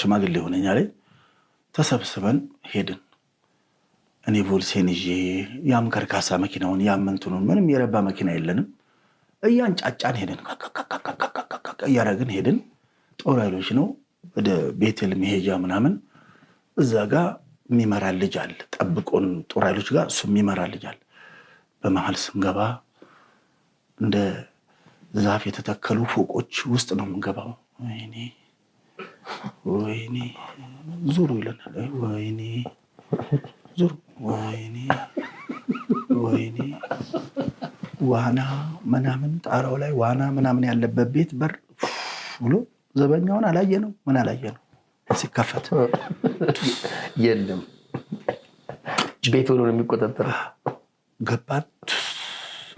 ሽማግሌ ሆነኛ ላይ ተሰብስበን ሄድን። እኔ ቮልሴን ይዤ ያም ከርካሳ መኪናውን ያም እንትኑን ምንም የረባ መኪና የለንም። እያንጫጫን ሄድን፣ እያረግን ሄድን። ጦር ኃይሎች ነው ወደ ቤቴል መሄጃ ምናምን። እዛ ጋ የሚመራ ልጅ አለ፣ ጠብቆን ጦር ኃይሎች ጋር እሱ የሚመራ ልጅ አለ። በመሀል ስንገባ እንደ ዛፍ የተተከሉ ፎቆች ውስጥ ነው የምንገባው። ወይኔ ዙሩ ይለናል። ወይኔ ዙሩ፣ ወይኔ ወይኔ ዋና ምናምን ጣራው ላይ ዋና ምናምን ያለበት ቤት በር ብሎ ዘበኛውን አላየ ነው ምን አላየ ነው ሲከፈት የለም ቤት ሆኖ ነው የሚቆጣጠር ገባን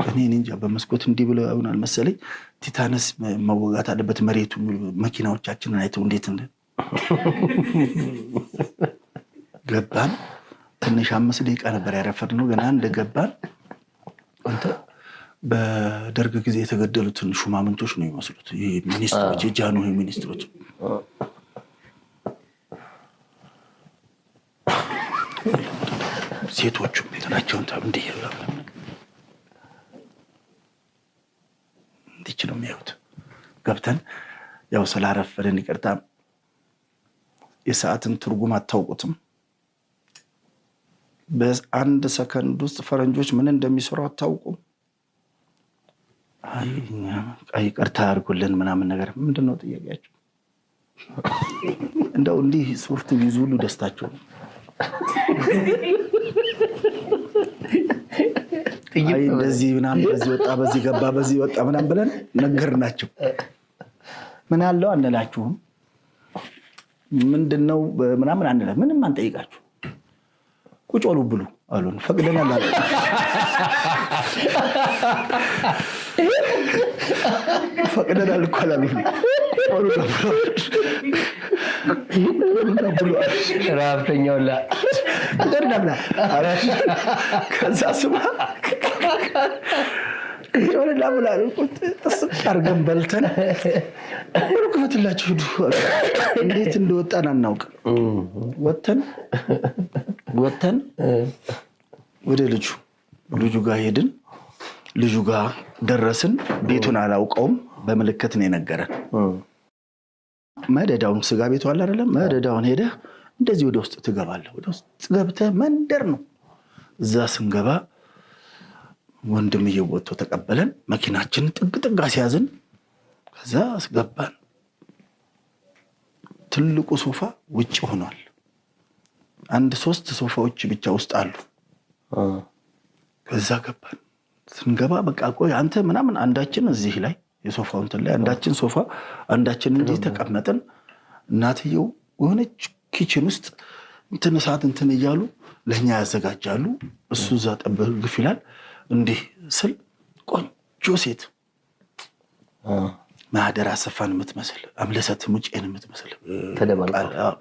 እኔ እንጃ በመስኮት እንዲህ ብለው ይሆናል መሰለኝ። ቲታነስ መወጋት አለበት መሬቱ። መኪናዎቻችንን አይተው እንዴት እንደ ገባን። ትንሽ አምስት ደቂቃ ነበር ያረፈድነው። ገና እንደገባን አንተ በደርግ ጊዜ የተገደሉትን ሹማምንቶች ነው የሚመስሉት ሚኒስትሮች፣ የጃንሆይ ሚኒስትሮች ሴቶቹም እንትናቸውን እንዲህ ዝች ነው የሚያዩት። ገብተን ያው ስላረፈደን ይቅርታ። የሰዓትን ትርጉም አታውቁትም። በአንድ ሰከንድ ውስጥ ፈረንጆች ምን እንደሚሰሩ አታውቁም። ይቅርታ አድርጉልን ምናምን ነገር ምንድን ነው ጥያቄያቸው? እንደው እንዲህ ሶፍት ቢዙሉ ደስታቸው ነው። እንደዚህ ምናምን በዚህ ወጣ በዚህ ገባ በዚህ ወጣ ምናምን ብለን ነገር ናቸው ምን አለው አንላችሁም ምንድነው ምናምን አንለ ምንም አንጠይቃችሁ ቁጭ በሉ ብሉ አሉን። ፈቅደናል አለ። ፈቅደናል እኮ አላሉን። ራፍተኛውላ ከዛ ስማ የሆነ ላሙላ ጥስቅ አድርገን በልተን ሩ ክፈትላችሁ ሂዱ። እንዴት እንደወጣን አናውቅም። ወተን ወተን ወደ ልጁ ልጁ ጋር ሄድን። ልጁ ጋር ደረስን። ቤቱን አላውቀውም። በምልክት ነው የነገረን። መደዳውን ስጋ ቤቱ አለ አይደለም። መደዳውን ሄደህ እንደዚህ ወደ ውስጥ ትገባለህ። ወደ ውስጥ ገብተህ መንደር ነው። እዛ ስንገባ ወንድም እየወጥቶ ተቀበለን። መኪናችንን ጥግ ጥግ አስያዝን። ከዛ አስገባን። ትልቁ ሶፋ ውጭ ሆኗል። አንድ ሶስት ሶፋዎች ብቻ ውስጥ አሉ። ከዛ ገባን። ስንገባ በቃ ቆይ አንተ ምናምን አንዳችን እዚህ ላይ የሶፋው እንትን ላይ አንዳችን ሶፋ አንዳችን እንዲህ ተቀመጠን። እናትየው የሆነች ኪችን ውስጥ እንትን እሳት እንትን እያሉ ለእኛ ያዘጋጃሉ። እሱ እዛ ጠበግፍ ይላል። እንዲህ ስል ቆንጆ ሴት ማህደር አሰፋን የምትመስል አምለሰት ሙጬን የምትመስል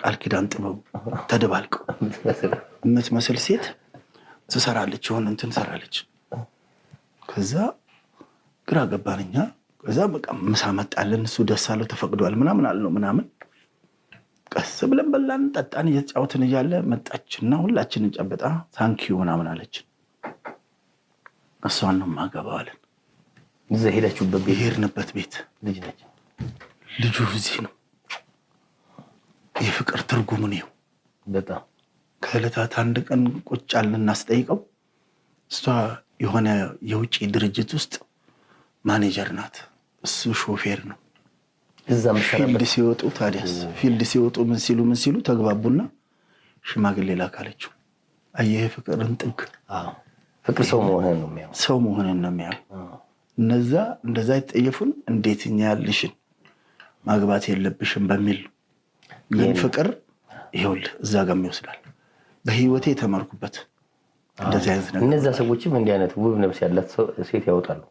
ቃል ኪዳን ጥበቡ ተደባልቀው የምትመስል ሴት ትሰራለች፣ የሆነ እንትን ትሰራለች። ከዛ ግራ ገባንኛ። ከዛ በቃ ምሳ መጣልን፣ እሱ ደስ አለው ተፈቅዷል፣ ምናምን ነው ምናምን ቀስ ብለን በላን፣ ጠጣን። እየተጫወትን እያለ መጣችና ሁላችንን ጨብጣ ታንኪዩ ምናምን አለችን። እሷን ነው የማገባው አለን። እዛ ሄዳችሁበት ቤት የሄድንበት ቤት ልጅ ነች። ልጁ እዚህ ነው። የፍቅር ትርጉሙን ይኸው። በጣም ከዕለታት አንድ ቀን ቁጭ አልን እናስጠይቀው። እሷ የሆነ የውጭ ድርጅት ውስጥ ማኔጀር ናት፣ እሱ ሾፌር ነው። ፊልድ ሲወጡ ታዲያስ ፊልድ ሲወጡ ምን ሲሉ ምን ሲሉ ተግባቡና ሽማግሌ ላካለችው። አየህ ፍቅርን ጥግ ፍቅር ሰው መሆንን ነው የሚያው ሰው መሆንን ነው የሚያው እነዛ እንደዛ ይጠየፉን እንዴት እኛ ያልሽን ማግባት የለብሽም በሚል ግን ፍቅር ይኸውልህ እዛ ጋም ይወስዳል። በህይወቴ የተመርኩበት እንደዚህ አይነት ነገር እነዛ ሰዎችም እንዲህ አይነት ውብ ነብስ ያላት ሴት ያወጣሉ።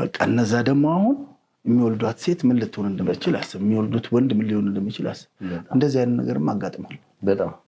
በቃ እነዛ ደግሞ አሁን የሚወልዷት ሴት ምን ልትሆን እንደምችል አስብ፣ የሚወልዱት ወንድ ምን ሊሆን እንደምችል አስብ። እንደዚህ አይነት ነገርም አጋጥሟል በጣም